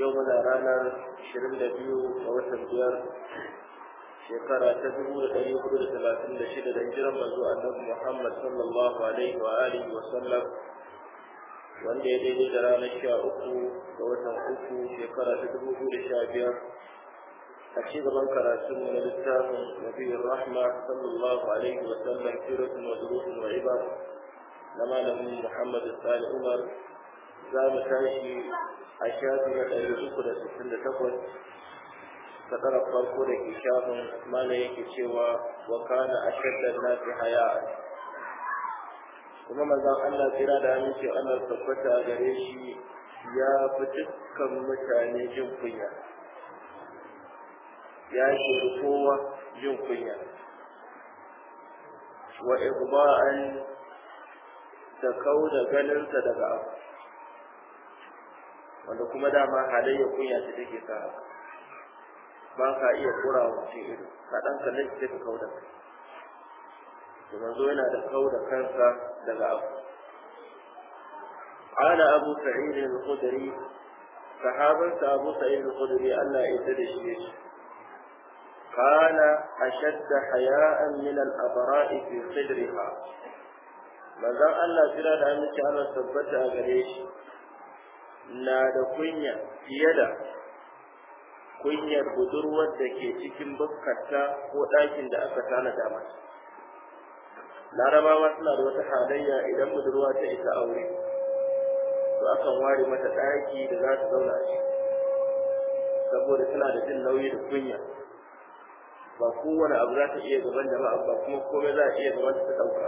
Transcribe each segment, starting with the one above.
yau muna ranar 22 ga watan biyar shekara ta 1436 da jiran manzo annabi Muhammad sallallahu alaihi wa alihi wa sallam wanda ya daidai da ranar 13 ga watan uku shekara ta 2015 a ci gaban karatun na littafin nabiyur rahma sallallahu alaihi wa sallam siratun wa durusun wa ibad na malamin Muhammad Sani Umar za mu tashi a shafi na ɗari uku da sittin da takwas ta tsarar farko da ke shafin mana yake cewa wa kana ashaddar nasi haya kuma manzon Allah kira da ce Allah tabbata gare shi ya fi dukkan mutane jin kunya ya shiri kowa jin kunya wa igba'an da kau da ganinsa daga abu wanda kuma dama halayya kunya ce take sa ba ka iya kura wa mutum ido ka dan kalle shi ka kauda to manzo yana da kauda kansa daga abu ana abu sa'id al-khudri sahaban sa abu sa'id al-khudri Allah ya shi da kana ashadd haya'an min al-abra'i fi صدرها manzon Allah jira da aminci Allah tabbata a gare shi na da kunya fiye da kunyar budurwar da ke cikin bukata ko ɗakin da aka tanada damar. larabawa suna da wata halayya idan budurwa ta isa aure to akan ware mata ɗaki da za ta zauna shi. saboda suna da jin nauyi da kunya ba kowane abu za ta iya gaban jama'a ba kuma komai za a iya gaban ta ɗauka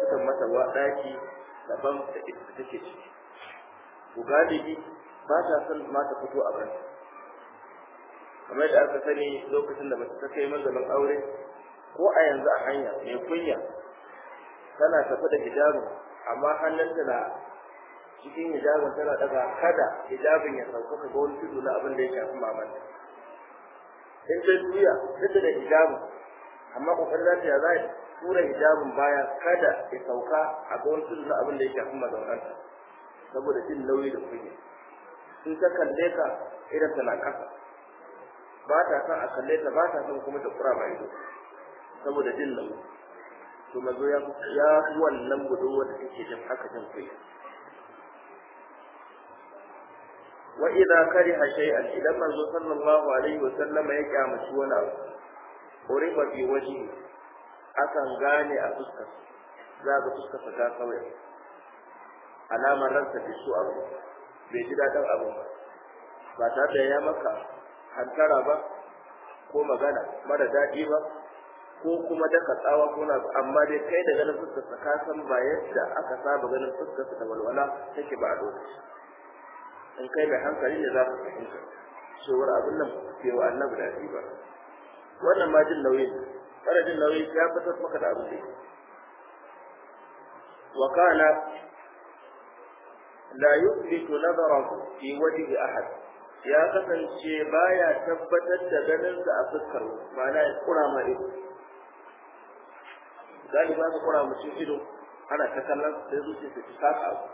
sukan mata wa ɗaki daban da ita take ciki ko galibi ba ta san ma ta fito a bai kamar da aka sani lokacin da mace ta kai manzalin aure ko a yanzu a hanya mai kunya tana tafi da hijabin amma hannunta na cikin hijabin tana daga kada hijabin ya sauka ga wani tudu na abin da ya shafi mamanta in ta juya duk da hijabin amma kokarin za ta ya za tura hijabin baya kada ya sauka a ga wani tudu na abin da ya shafi mazaunanta saboda jin nauyi da kuke in ta kalle ka idan tana kasa ba ta san a kalle ta ba ta san kuma ta kura ido saboda jin nauyi to mazo ya ya wannan budurwa da take jin haka jin kai wa idza kariha shay'an idan manzo sallallahu alaihi wa sallama ya kyamaci wani abu urifa fi wajhihi akan gane a fuskar za ga fuskar ta kawai alamar ranta bai su abu bai ji daɗin abu ba ba tare da ya maka hantara ba ko magana mara daɗi ba ko kuma daka tsawa ko na amma dai kai da ganin fuskar ta ka san ba yadda aka saba ganin fuskar ta da walwala take ba a lokaci in kai mai hankali ne za ka fahimta cewar abin nan bai wa annabi daɗi ba wannan ma jin nauyin kana jin nauyi ya fitar maka da abin da wa kana la yuflitu nadarahu fi wajhi ahad ya kasance baya tabbatar da ganin sa a fuskar ma'ana ya kura ma ido galiba ka kura mutum ido ana ta kallon sai zuciya ta saka abu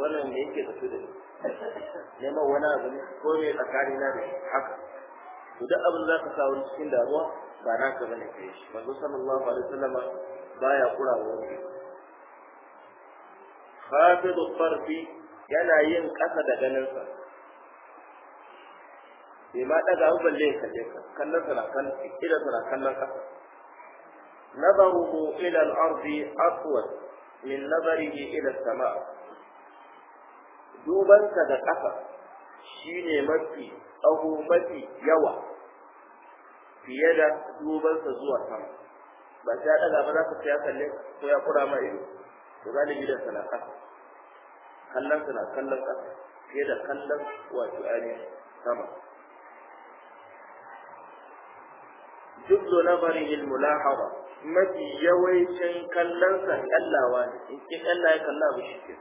wannan me yake tafi da neman wani abu ne ko me tsakani na haka to abin za ka sa wani cikin damuwa ba ka bane kai shi manzo sallallahu alaihi wasallam baya kura wani Hafidu farfi yana yin kasa da ganin sa bai ma daga hu balle je ka kallon sa na kan idan sa na kallon ka nazaruhu ila al-ardi aswad min nazarihi ila as-sama' duban ka da kasa shine mafi abu mafi yawa fiye da dubansa zuwa sama ba sai ya daga ba za ka ya kalle ko ya kura ma ido to ni da sana ƙasa kallon sana kallon ƙasa fiye da kallon wato ainihin sama Duk جبل نظره الملاحظة mafi yawancin kallonsa kallawa ne in ki kalla ya kalla ba shi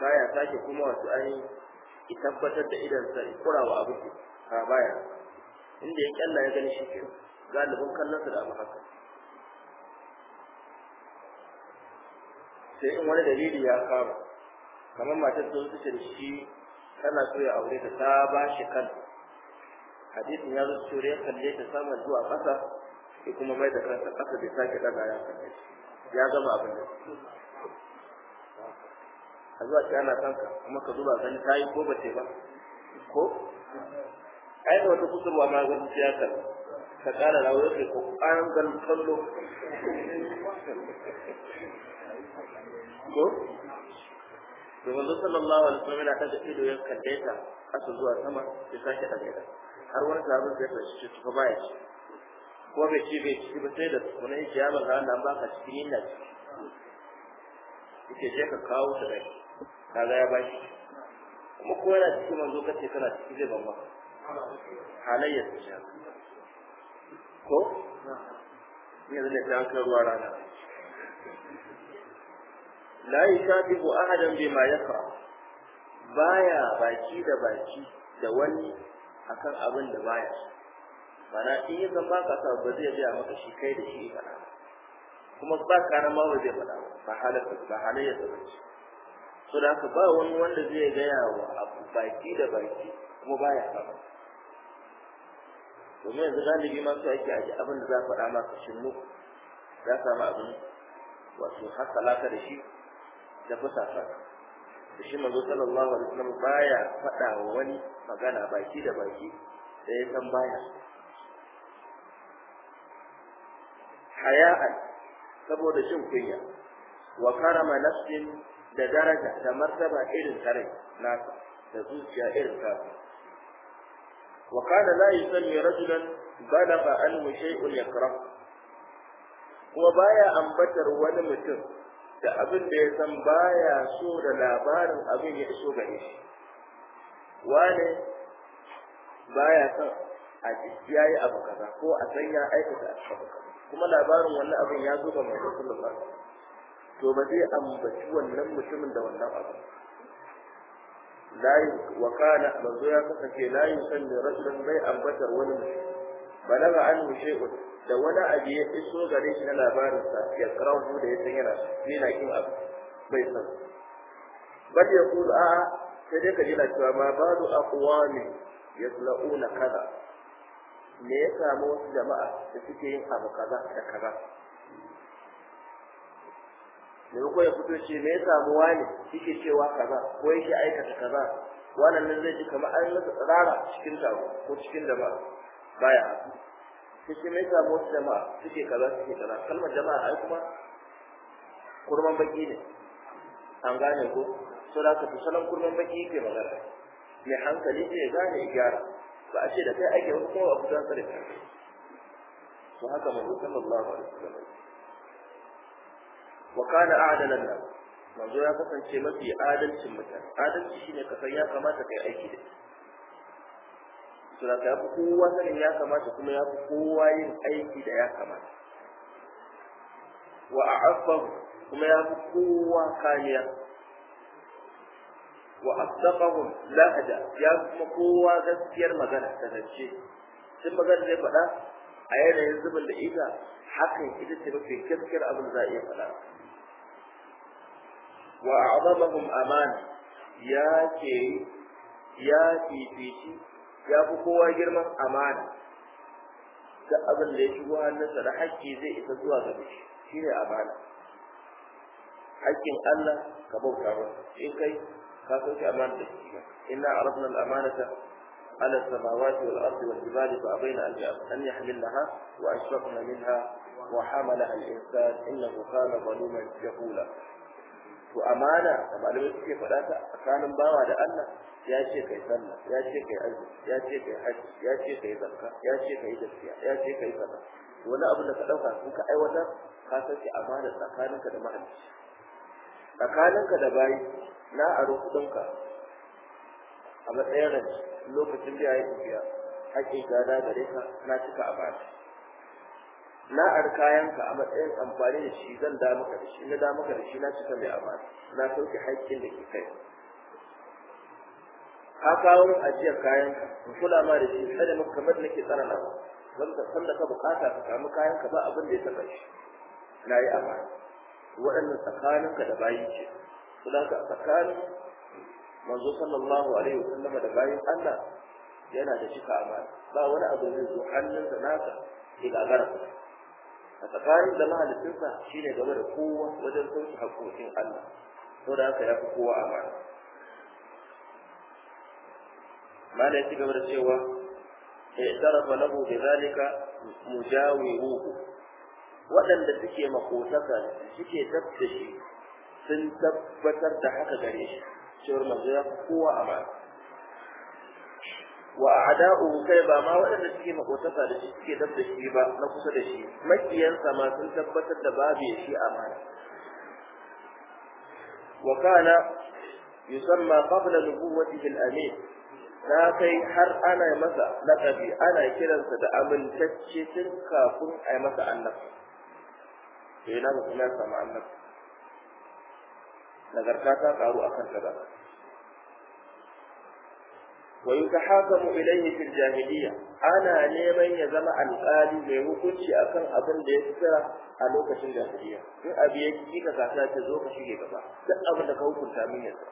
baya sake kuma wasu ainihin ki tabbatar da idan ya kurawa abu ba baya inda ya kyalla ya gani shi ke galibin kallon su da abu haka sai in wani dalili ya kama kamar matar ta wuce da shi tana so ya aure ta ta ba shi kan hadisin ya zuci cewa ya kalle ta sama zuwa ƙasa ya kuma mai da kansa ƙasa bai sake daga ya kalle ya zama abin da a zuwa ce ana kanka kuma ka zuba gani ta yi ko ba ce ba ko ai da wata kusurwa ma gani siyasar ta kara da wani ko an gan kallo ko da wanzu, sallallahu alaihi wasallam yana ta ido ya kalle ta asu zuwa sama ya sake ta ta har wani sabon da ya tashi tufa baya ci ko bai ci bai ci ba sai da wani yake ya manzo ba ka cikin yin nan yake je ka kawo ta dai kaga ya bashi kuma ko yana cikin manzo kace kana cikin zai ban halayyar ta sha ko ne zai ta hankar ruwa rana la yushabihu ahadan bima yakra baya baki da baki da wani akan abin da baya mana in yi san baka sa ba zai biya maka shi kai da shi fada kuma ba kana ma ba zai fada ba halaka ba halayya ta ba so da haka ba wani wanda zai gaya wa abu baki da baki kuma baya saba domin yanzu galibi ma su ake aji abin da za faɗa maka Za ka samu abin wato hasala ka da shi da fusa ka da shi manzo sallallahu alaihi wasallam baya faɗa wa wani magana baki da baki sai san baya haya'an saboda jin kunya wa karama nafsin da daraja da martaba irin kare nasa da zuciya irin kafa. wa kana la yusalli rajulan balagha anhu shay'un yakrah kuma baya ambatar wani mutum da abin da ya san baya so da labarin abin ya iso gare shi wane baya son a ya yi abu kaza ko a san ya aikata abu kaza kuma labarin wannan abin ya zo ga manzon sallallahu to ba zai ambaci wannan mutumin da wannan abu layi wa kana manzo ya kasance layi san da rasulun bai ambatar wani balaga an shay'un da wani abu ya iso gare shi na labarinsa ya karahu da ya san yana yana kin abu bai san bal ya kula a sai dai ka ji cewa ma ba ba'du aqwami yasla'una kaza me ya samu wasu jama'a da suke yin abu kaza da kaza da ko ya fito ce me yasa samu wani suke cewa kaza ko yake aikata kaza wannan nan zai ji kamar an yi tsara cikin taro ko cikin jama'a baya sai me ya samu wasu jama'a suke kaza suke kaza kalmar jama'a ai kuma kurman baki ne an gane ko so da ka salon kurman baki yake magana mai hankali ce ya gane ya gyara ba a ce da kai ake wasu kuma a fitar da kai to haka manzo da su gaba. wa kana a'dalan nas manzo ya kasance mafi adalcin mutane adalci shine kasan ya kamata kai aiki da sura ta fi kowa sanin ya kamata kuma ya fi kowa yin aiki da ya kamata wa a'affahu kuma ya fi kowa kaniya. wa asdaqahum lahada ya kuma kowa gaskiyar magana ta zance sun magana zai faɗa a yanayin zubin da ita hakan ita ce mafi gaskiyar abin za a iya faɗa وأعظمهم أمانا ياتي تي فيتي يا بقوة جرما أمانا كأبن ليش هو أن سر حكي زي إتسوى غبش كيري أمانا حكي ألا كبوك إيه أمانا إن كي كافوك أمانا إنا عرفنا الأمانة على السماوات والأرض والجبال فأبينا أن يحملها وأشفقنا منها وحملها الإنسان إنه كان ظلوما جهولا to amana da malamai suke faɗa ta tsakanin bawa da Allah ya ce kai sallah ya ce kai azumi ya ce kai haji ya ce kai zakka ya ce kai gaskiya ya ce kai sallah to wani abu da ka dauka sun ka aiwatar ka san ki amana tsakaninka da mahalicci tsakaninka da bayi na aro kuɗinka a matsayin rance lokacin biya ya biya haƙƙin gada gare ka na cika amana na ar ka a matsayin amfani da shi zan da maka da shi na da maka da shi na cika mai amana na sauke haƙƙin da ke kai ka kawo min ajiyar kayan in kula ma da shi kada maka kamar nake tsanana ba zan ka san da ka bukata ka samu ka ba abin da ya taba shi na yi amana waɗannan tsakaninka da bayi ce su da ka tsakanin manzo sallallahu alaihi wasallam da bayin Allah yana da cika amana ba wani abu zai zo hannunsa naka ke gagara a tsakanin da mahalicinsa shi ne game da kowa wajen sauki hakkokin Allah ko da haka ya fi kowa amana mala ya ci gaba da cewa i'tarafa eh, lahu bidhalika mujawiruhu waɗanda suke makotaka suke tabbashi sun tabbatar da haka gare shi cewar manzo ya fi kowa amana wa a'da'uhu kai ba ma waɗanda suke makotaka da shi suke dab da shi ba na kusa da shi makiyansa ma sun tabbatar da babu ya a amana wa kana yusamma qabla nubuwwatihi al-amin da kai har ana masa laqabi ana kiransa da amintacce tun kafin a yi masa annabi to yana ga kuma sama annabi nagarta ta karu akan kaza wa yutahakamu ilayhi fil jahiliya ana neman ya zama alƙali mai hukunci akan abin da ya tsira a lokacin jahiliya in abi ya ki ka zo ka shige gaba duk abin ka hukunta min yanzu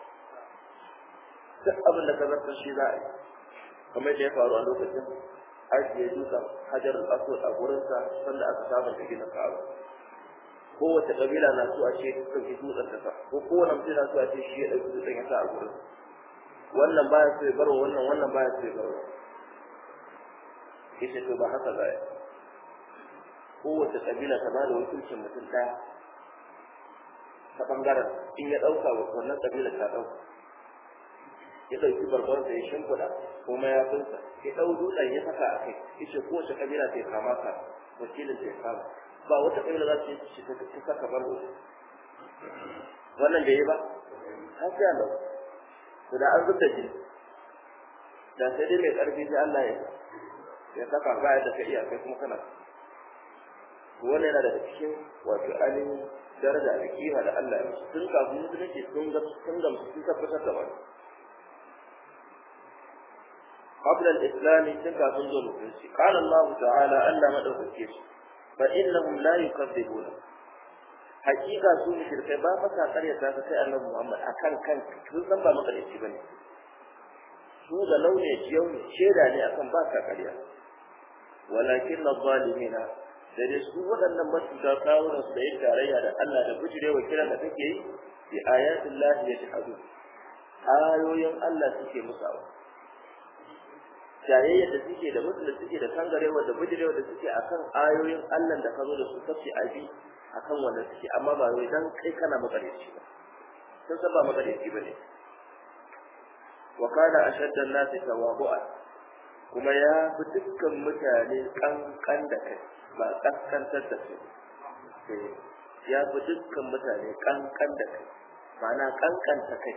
duk abin da ka zarta shi za a yi kamar da ya faru a lokacin ajiye duka hajar aswad a gurinsa sanda aka saba da gina ka'aba kowace kabila na so a ce ta ɗauki dutsen ta so a shi ya ɗauki dutsen ya sa a gurinsa wannan baya so ya wa wannan wannan baya so ya wa yace to ba haka ba kowace kabila ta bada wakilcin mutum ɗaya ta bangaren in ya ɗauka wannan kabila ta ɗauka ya ɗauki da ya shimfiɗa ko mayafinsa ya ɗau dutsen ya saka a kai yace kowace kabila ta kama ka wakilin ta kama ba wata kabila za ta yi ta saka barbar wannan da ya ba har sai Allah to da an zuta ji da sai dai mai karfi sai Allah ya ya saka ba ya tafi iya kai kuma kana to wannan yana daga cikin wato ainihin daraja da kima da Allah ya musu tun kafin musulunci sun ga sun ga sun tabbatar da wani قبل الإسلام تلك تنظر في قال الله تعالى ألا مدعو الكيش فإنهم لا يكذبونك hakika su mushrikai ba fa ka kare ta sai annabi Muhammad akan kan sun san ba makarici bane su da launi yau sheda ne akan ba ka kare walakin zalimina da dai su waɗannan masuka kawo su da tarayya da Allah da wa kiran da take yi bi ayatin lahi ya tahadu ayoyin Allah suke musawa jayayyar da suke da musulun suke da kangarewa da bujirewa da suke akan ayoyin Allah da ka zo da su tafi abi akan wanda suke amma ba wai dan kai kana magareci ba sun san ba magareci bane wa kana ashadda an-nas tawadu'a kuma ya fi dukkan mutane kankan da kai ba kaskantar da su eh, ya fi dukkan mutane kankan da kai ma'ana kankanta kai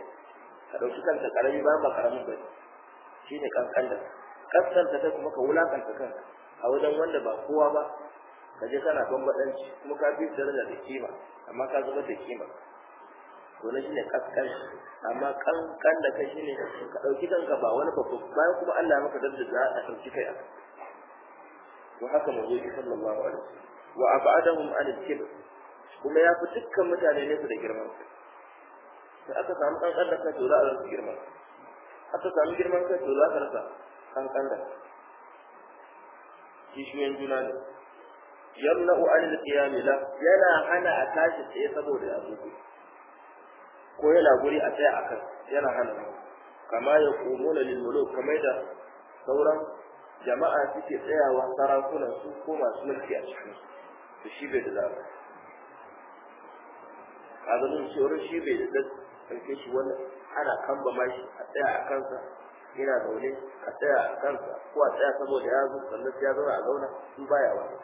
ka dauki kanka karami ba ba karamin bane shine kankan da kai kaskanta kai kuma ka wulakanta kanka a wajen wanda ba kowa ba ka kana bambadanci kuma ka bi daraja da kima amma ka zuba da kima to na shine kaskan amma kankan da ka shine ka dauki kanka ba wani babu bayan kuma Allah ya maka daraja za a dauki kai aka wa haka mu yi sallallahu alaihi wa abadahum an al-kibr kuma ya fi dukkan mutane ne su da girman sai aka samu kankan da ka to za a rasa girman aka samu girman ka to za ka rasa kankan da kishiyoyin juna ne yamna'u anil qiyam la yana hana a tashi sai saboda ya ko yana guri a tsaya akan yana hana kama ya qumuna lil muluk kamar da sauran jama'a suke tsayawa sarakunan su ko masu mulki a cikin su shi bai da zaba kaga mun shi bai da ɗauke shi wani ana kamba ma shi a tsaya a kansa yana zaune a tsaya a kansa ko a tsaya saboda ya zo sannan ya zauna a zauna su baya wani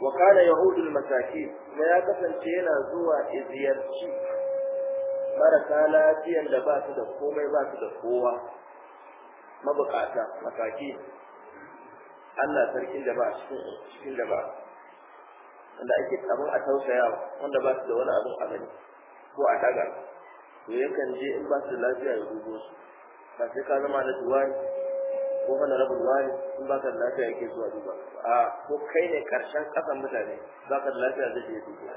wa kana yahudul masakin na ya kasance yana zuwa iziyarci marasa lafiyan da ba su da komai ba su da kowa mabukata masaki Allah sarkin da ba cikin da ba wanda ake abin a tausaya wanda ba su da wani abin a gani ko a daga to yakan je in ba su da lafiya ya dubo su ba sai ka zama na duwani ko mana rabin wani in ba da lafiya yake zuwa duba a ko kai ne karshen kasan mutane ba da lafiya zai je duba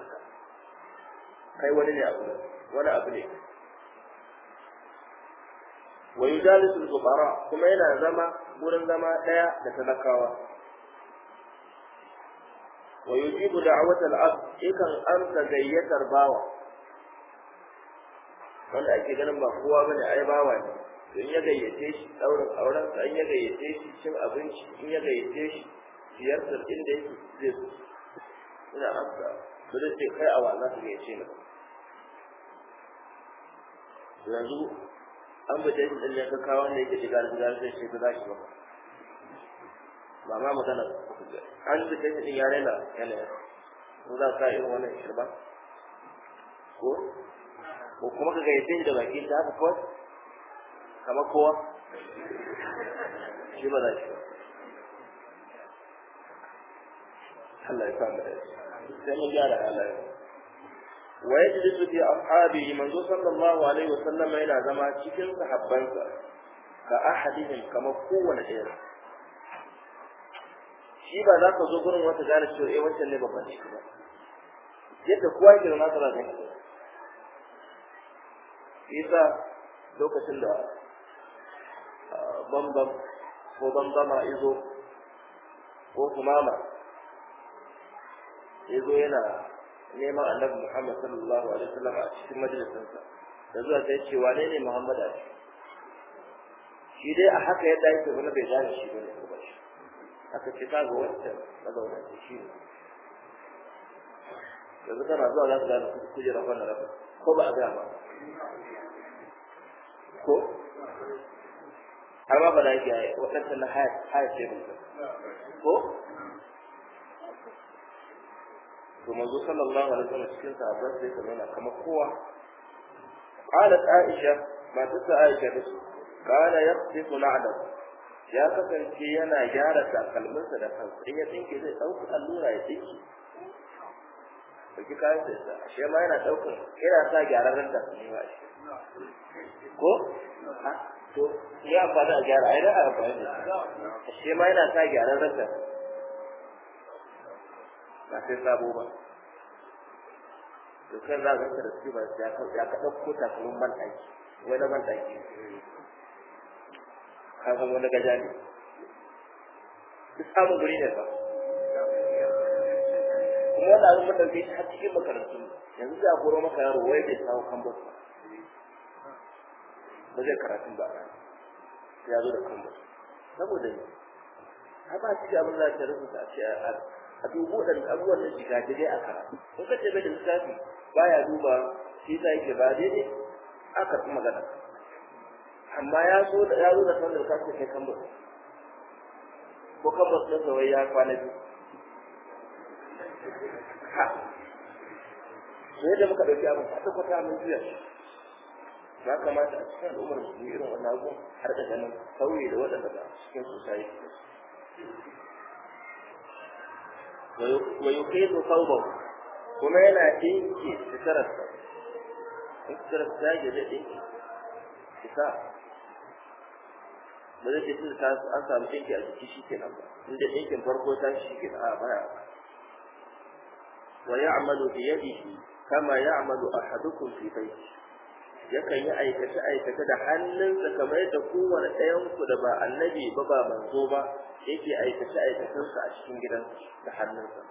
kai wani ne abu wani abu ne wa yujalisul fuqara kuma yana zama gurin zama daya da talakawa wa yujibu da'wat al-abd ikan amsa gayyatar bawa wanda ake ganin ba kowa bane ai bawa ne in ya gayyace shi ɗaurin auren sa in ya gayyace shi cin abinci in ya gayyace shi ziyartar inda yake zai ina amsa ba zai ce kai a wa su ka gayyace ni yanzu an bude shi ɗin ya ga kawo ne yake shiga da zai sai shi za shi ba ba ma magana an bude shi ɗin ya raina yana ko za ka yi wannan shirba ko ko kuma ka gayyace shi da baki ta haka kawai kamar kowa shi ba za shi Allah ya samu da sai mun gyara halaye wa yajlisu fi ashabihi manzo sallallahu alaihi wasallam yana zama cikin sahabbansa ka ahadihim kamar kowane ɗaya shi ba za ka zo gurin wata gane cewa eh wancan ne babban shi ba yadda kowa yake da nasa za ka yi yasa lokacin da bambam ko bambama izo ko kumama izo yana neman annabi Muhammad sallallahu alaihi wasallam a cikin majalisinsa da zuwa sai ce wane ne Muhammad a shi dai a haka yadda yake wani bai gane shi bane ko ba shi haka ce ta ga wancan mazauna ce shi ne yanzu kana zuwa za su gane kujerar wannan rafa ko ba a gama ko har ma ba za ki yi waɗansa na haya ce mun ko to manzo sallallahu alaihi wasallam cikin sahabban sai ka nuna kamar kowa qalat aisha ma ta aisha da su kana yaqtifu na'da ya kasance yana gyara takalminsa da kansa in ya tsinke zai ɗauki allura ya tsinke ɗauki kayan sa ashe ma yana ɗaukan yana sa gyararren takalmi ba ko to ya amfani a gyara ai da a amfani shi ma yana sa gyaran rasa ba sai sabo ba to kan za ka ga da su ba ya ka ɗauko takalmin ban ɗaki wani ban ɗaki ka zama wani gaja ne duk samun guri ne ba kuma wani abin mun ɗauke shi har cikin makarantu yanzu za a koro maka yaro wai bai samu kan ba ba zai karatu ba ya zo da kan saboda ne a ba shi abin da ta rubuta shi a a dubu da abubuwan da shiga dai a karatu ko ka ce bai da lissafi ya duba shi ta yake ba dai ne aka fi magana amma ya zo da ya zo da sanar ka ce kai kan ba ko kan ba sun wai ya kwana biyu ha sai da muka ɗauki abin kwata-kwata mun juya ya kamata a cikin al'ummar su yi irin wannan abubuwan har da ganin sauye da waɗanda ba cikin society wa yuqidu thawbahu kuma yana dinki sitararsa in sitararsa ta da dinki isa ba zai ce ta an samu dinki a jiki shi kenan ba inda dinkin farko ta shi kenan a baya wa ya'malu bi yadihi kama ya'malu ahadukum fi baitihi yakan yi aikace aikace da hannunsa kamar yadda kowane ɗayan ku da ba annabi ba ba manzo ba yake aikace aikacensa a cikin gidan da hannunsa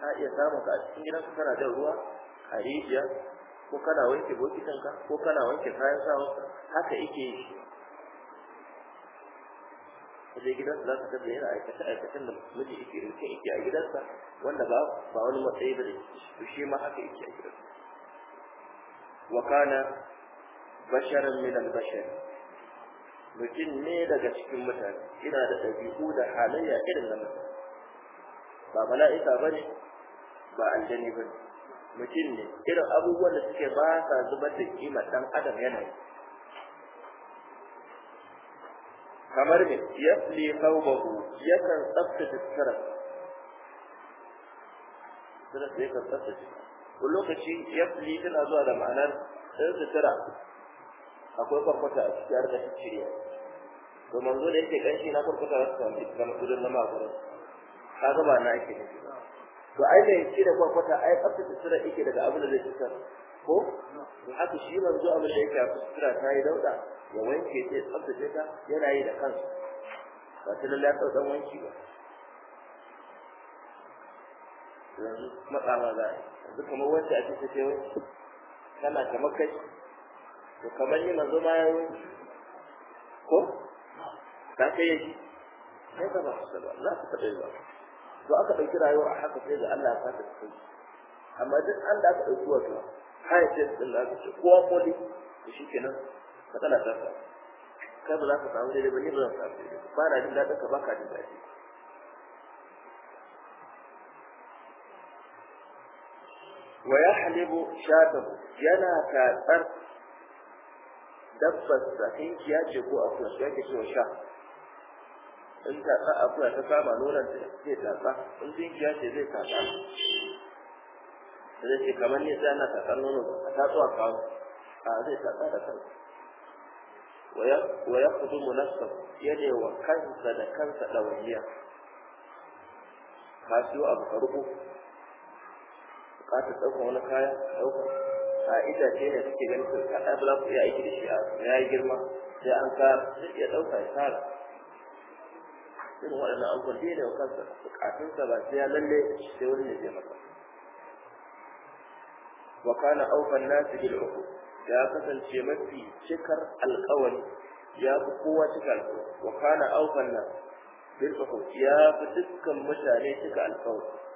ka iya samun ka a cikin ka, kana jan ruwa a rijiya ko kana wanke bokitanka ko kana wanke kayan sawa. haka yake yi je gidansa za ka tabbata yana aikace-aikacen da mutum yake yi. yake a gidansa wanda ba ba wani matsayi ba da shi ma haka yake a gidansa وكان بشرا من البشر al mutum ne daga cikin mutane ina da dabi'u da halayya irin na mutane ba mala'ika bane ba aljani bane mutum ne irin abubuwan da suke ba sa zubar da kima dan adam yana yi kamar ne yasli thawbahu yakan tsaftace sirra sirra yakan tsaftace lokaci lokaci fi tana zuwa da ma'anar sun sutura akwai kwarkwata a cikin harkar shirya to manzo da yake ganshi na kwarkwata za su sami zama gudun na magurin ka gaba na ake shi to ai mai ce da kwarkwata ai tsafta sutura yake daga abin da zai cutar ko in haka shi manzo abin da yake a sutura ta yi dauda ya wanke ta ya ta yana yi da kansa ba ta lallai ya tsaftan wanki ba yanzu matsawa za a yi yanzu kamar wacce a cikin ce wai tana ta kai to kamar yi manzo ma yau ko ka kai yaki sai ka ba su salwa za ka taɓa yi ba to aka ɗauki rayuwa a haka sai ga Allah ya fata su amma duk an da aka ɗauki wato haya ce su da aka ce kowa koli da shi kenan matsala ta sa kai ba za ka samu daidai ba ni ba za ka samu daidai ba na jin daɗin ka ba ka jin daɗi wa yahlibu جنا yana دبس dabbar sa tinkiya ce ko akuya sai ke so sha in tatsa akuya ta kama nonon ta in ce zai ce kamar ne sai ana nono a tatsuwa kawo a zai tatsa da kansa wa yaqdumu wa kansa da kansa dawaiya ka siyo abu ka ta ɗaukar wani kaya ɗauka a ce ne suke ganin su kaɗa bala ku iya aiki da shi ya yi girma sai an ka duk ya ɗauka ya tara irin waɗannan abubuwan da ne wa kansa bukatunsa ba sai ya lalle sai wani ne zai maka wa kana aufan nasu bil uku ya kasance mafi cikar alƙawari ya fi kowa cika alƙawari wa kana aufan nasu bil uku ya fi dukkan mutane cika alƙawari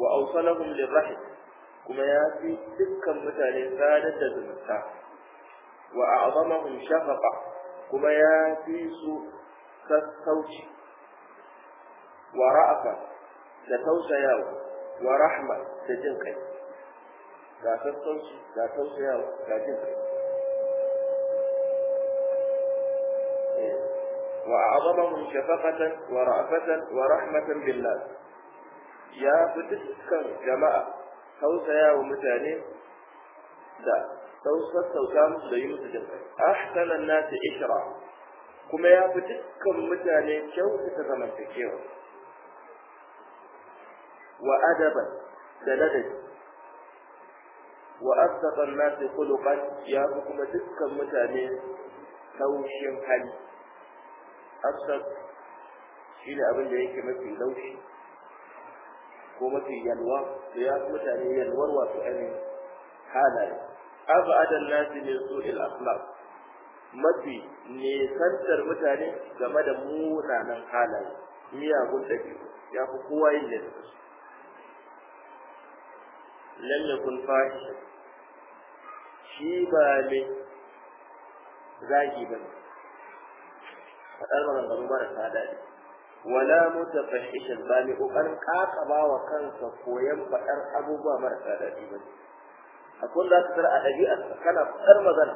وأوصلهم للرحم كما يأتي تلك مثل سادة زمتا وأعظمهم شفقة كما يأتي سوء ورأفة كالتوش ياو ورحمة كالتنك لا ياو كالتنك إيه. وأعظمهم شفقة ورأفة ورحمة بالله ya fi dukkan jama'a tausaya wa mutane da sauka musu da yi musu jinka ahsanan nasi ishra kuma ya fi dukkan mutane kyautata zamantakewa wa adaban da ladabi wa asdaqan nasi khuluqan ya fi kuma dukkan mutane taushin hali asdaq shi ne abin da yake mafi laushi ko mafi yalwa da ya mutane yalwar wasu ne halaye abadan nasi su il akhlaq mafi nesantar mutane game da munanan halaye miyagun ɗabi'u ya fi kowa yin da su lam yakun shi ba ne zagi ba ne faɗar maganganu marasa daɗi wala mutafahishan ba mai kokarin kakaba wa kansa koyan faɗar abubuwa marasa daɗi ba ne, akwai za ka tara a ɗabi'arsa kana faɗar magana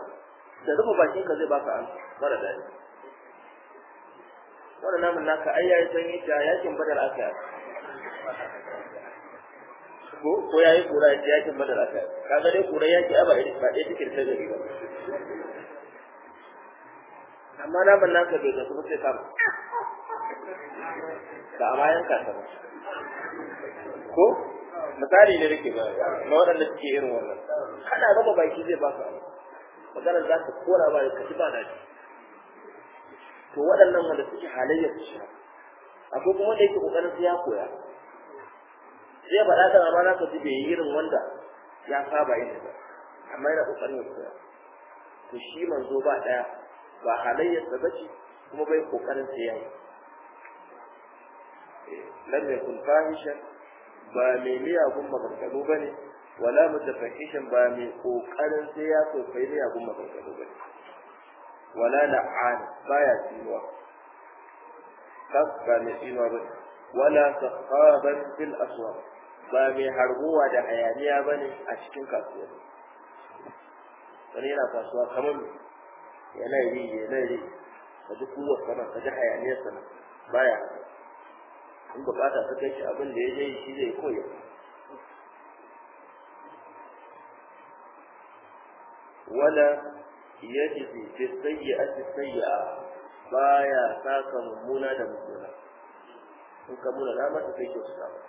da rufe bakin ka zai baka an mara daɗi Wani namun naka ai yayi sanyi ta yakin badar aka ko ko yayi kura yakin badar aka kaga dai kura yaki aba irin ba dai take da gari ba amma namun naka bai da su sai ka da a bayan kasa ba ko misali ne rike ba na waɗanda suke irin wannan kada raba baki zai baka abu magana za ka kora ba da ka ci ba na ji to waɗannan wanda suke halayyar su shi akwai kuma da yake kokarin su ya koya sai ya faɗa kana ma na ka ji bai yi irin wanda ya saba yin ba amma yana kokarin ya koya to shi manzo ba ɗaya ba halayyarsa ba ce kuma bai kokarin ya yi lam yakun fahishan ba mai miyagun maganganu bane wala mutafahishan ba mai kokarin sai ya tsofai miyagun maganganu bane wala la'an baya tsinuwa kas ba mai tsinuwa bane wala sakhaban fil aswaq ba mai harbuwa da hayaniya bane a cikin kasuwa wani yana kasuwa kamar yanayi-yanayi, yana yi ka ji kuwar sana ka ji hayaniyar sana in bukata ta kai shi abin da ya je shi zai koya wala yajidu bi sayyi'ati sayyi'a baya saka mummuna da mummuna in ka muna na mata kai kyautata ta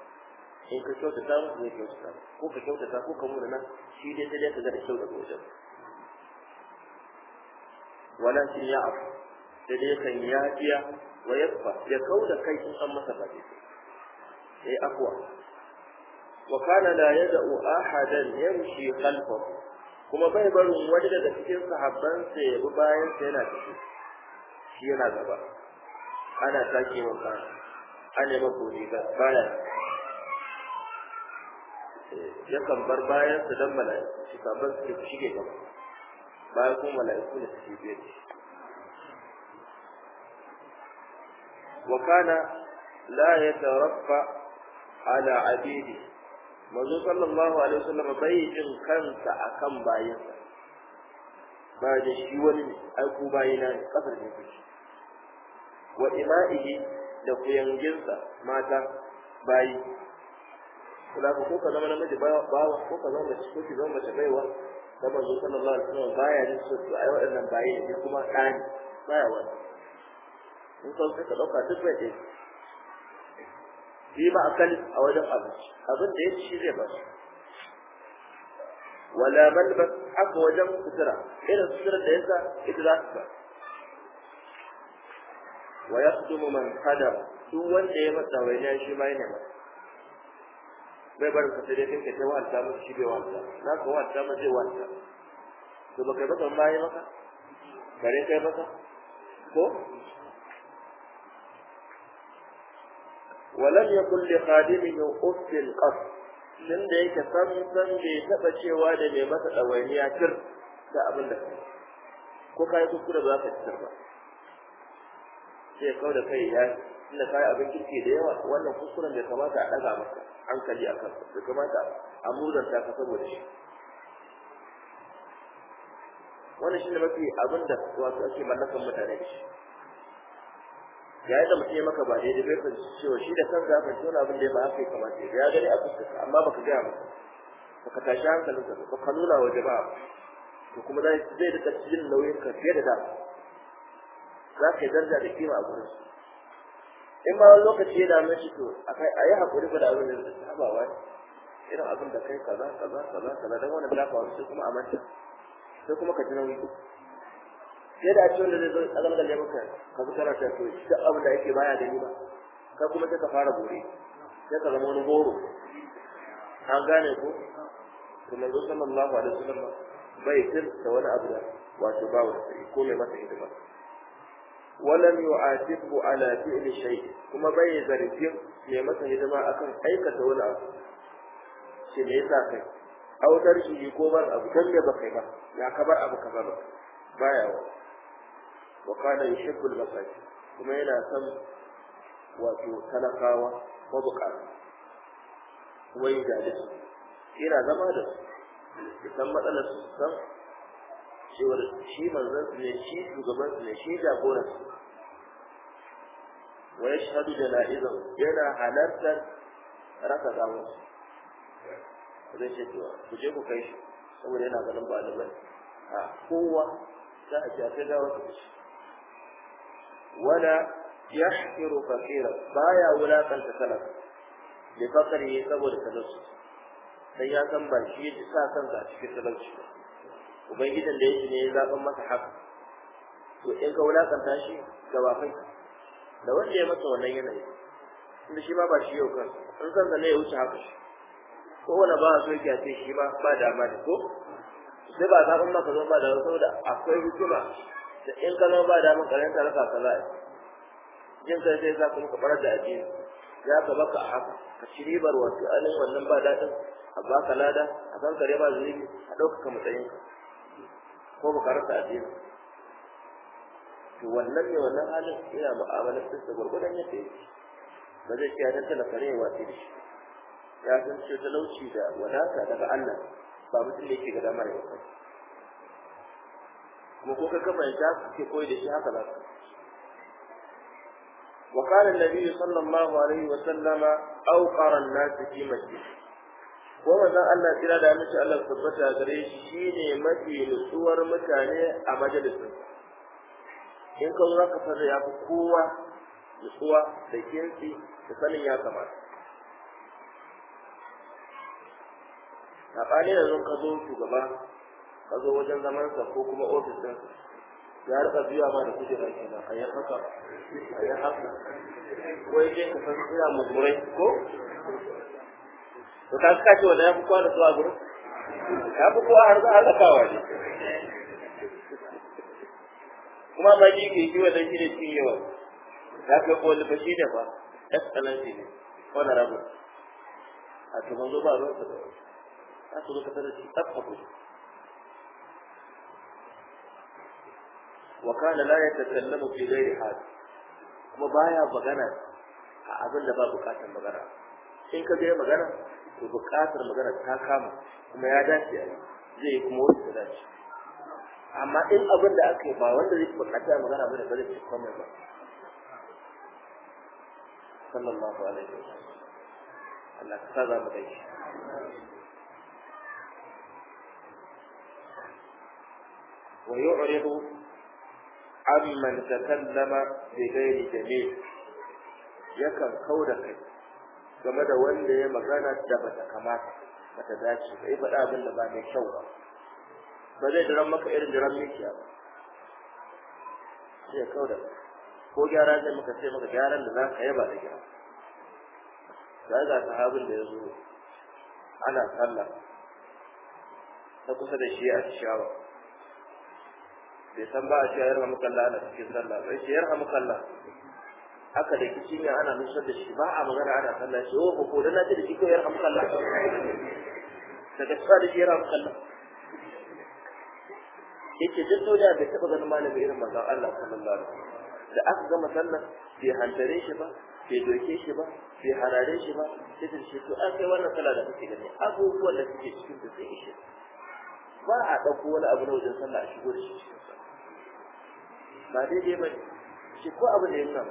in ka kyautata mata zai kyautata ba ko ka kyautata ko ka muna na shi dai sai dai ka ga da kyau daga wajen wala shi ya abu sai dai kan ya wa yasfa ya kauda kai in an masa ba sai eh, afwa wa kana la ya ahadan yamshi khalfahu kuma bai barin wani daga cikin sahabban ya bi bayan yana ciki shi yana gaba ana sake wa ka ana mako riga baya eh, yakan bar bayan sa dan mala'iku sahabban su shige gaba bayan kuma mala'iku ne su shige وكان لا يترفع على عبيده manzo sallallahu alaihi wasallam bai jin kansa akan bayansa ba da shi wani ne ai ku bayina ne kasar ne kuke wa ima'ihi da kuyanginsa mata bayi kula ko ko ka zama namiji bawa ko ka zama mace ko ki zama mace baiwa da manzo sallallahu alaihi wasallam baya jin su ai waɗannan bayi ne kuma ɗani baya wani in sau sai ka ɗauka duk bai ɗaya bi a akali a wajen abinci abin da ya ci shi zai ba shi wala malbas aka wajen sutura irin sutura da yasa ita za su ba wa yaqdumu man qadara duk wanda ya masa wani shi ma yana ba? bai barin ka sai dai kanka ta wanta mu shi bai wanta na ka wanta mu zai wanta to baka yi masa ma yi maka bare kai maka ko Walan ya kulle khadimin yuqsil qas tun da yake san san bai taba cewa da mai masa dawainiya tir da abin da kai ko kai kuskure ba ka tir ba sai kau da kai ya inda kai abin kirki da yawa wannan kuskuren bai kamata a daga maka hankali akan bai kamata a muzanta ka saboda shi wannan shi ne mafi abin da wasu ake mallakan mutane da shi yayin da mutum ya maka ba daidai bai fahimci cewa shi da san za ka tona abin da ya ba haka ya kamata ya gani a fuskarka amma baka gaya ba baka tashi hankalinsa baka nuna wa jama'a to kuma zai zai da jin nauyin ka fiye da da za ka yi daraja da kima a gurin su in ba wani lokaci ya dame shi to akai a yi haƙuri ba da abin da zai haɓa wa irin abin da kai kaza kaza kaza kaza don wani lafa wasu kuma a manta sai kuma ka ji nauyi yadda a cikin da zai zo a zalgalle maka ka fi karanta to shi da abin da yake baya gani ba kai kuma sai ka fara bore sai ka zama wani goro an gane ko to manzo sallallahu alaihi wasallam bai tir da wani abu da wato ba wani ko mai masa hidima ولم يعاتبه على فعل شيء kuma bai zargin mai masa hidima akan aikata wani abu shi me yasa kai autar shi ko bar abu dan da baka ba ya ka bar abu ka ba baya wa wa kana yuhibbul masakin kuma yana son wato talakawa ko kuma yin jaje su yana zama da su san matsalar su san cewar shi manzon su ne shi shugaban su ne shi jagoran su wa yashhadu jana'izahu yana halartar raka gawo zai ce cewa ku je ku kai shi saboda yana ganin ba a kowa za a jafe gawa su wala yahkiru fakira baya wulakanta talaka bi fakari saboda talauci sai ya san ba shi ya sa kansa a cikin talauci ubangijin da yake ne ya zaɓan masa haka to in ka wulakanta shi gabafai da wanda ya masa wannan yanayi inda shi ba shi yau kan in san sa ya wuce haka shi kowane ba so yake a ce shi ma ba dama ne ko sai ba zaɓan masa zama da saboda akwai hikima da in ka zama ba damun karanta raka kaza jin kai sai za ka muka barar da addini ya ka baka a haka ka ci ribar wasu alin wannan ba daɗin a baka lada a san kare ba zuri a ɗaukaka matsayinka ko ka rasa addini to wannan ne wannan halin ina mu'amalar da gwargwadon yadda yake ba zai kiyaye dan kare ne wa tsiri ya san ce talauci da wadata daga Allah ba mutum da yake ga damar ya kai ba ko ka kafa ita ke koyi da shi haka za ka wa kana nabi sallallahu alaihi wa sallama awqara an-nas fi masjid wa wanda Allah tira da mishi Allah tabbata gare shi shine mafi nutsuwar mutane a majalisin in ka zo ka fara ya kowa nutsuwa da kinsi da sanin ya kamata saɓani da zon ka zo shugaba ka zo wajen sa ko kuma ofis ɗinsa ya rika biya ma da da kenan a yi haka a yi haka ko yake ka san tsira ko to ka ka ce wannan ya fi kwana zuwa gurin ya fi kowa har za a ne kuma ma ji ke yi wannan shi ne cin yawa ya fi kowa da shi ne ba shi ne wani rabu a tuban zo ba ruwan sa da wani ya su zo ka shi وكان لا يتكلم في غير حال كما بايا بغنا أقول لبا بقات المغنى إن كده مغنى بقات المغنى تاكام وما يعداش يعني زي كمور سلاش أما إن أقول لأك يبا وانا ذي كمور حتى المغنى من البلد صلى الله عليه وسلم الله أكثر مغيش ويعرض amman da bi ghairi kan yakan kauda kai game da wanda ya magana da bata kamata bata dace ba ya faɗa abin da ba mai kyau ba ba zai daren maka irin jiran mikiya ba sai kauda ko gyara zai maka sai maka gyaran da za ka yaba da gyara ga ga sahabin da ya zo ana sallah ta kusa da shi a shawar. bai san ba a ce yarha mukalla ana cikin sallah bai ce yarha mukalla haka da kicin ya ana nusar da shi ba a magana ana sallah ce oh ko dan nace da shi ko yarha mukalla daga sa da shi yarha mukalla yake duk duniya bai taba ganin malami irin manzon Allah sallallahu alaihi wasallam da aka gama sallah bai hantare shi ba bai doke shi ba bai harare shi ba sai da shi to an kai wannan sallah da kake gani abubuwan da suke cikin da sai ishe ba a ɗauko wani abu na wajen sallah a shigo da shi ba daidai ba ne shi ko abu da ya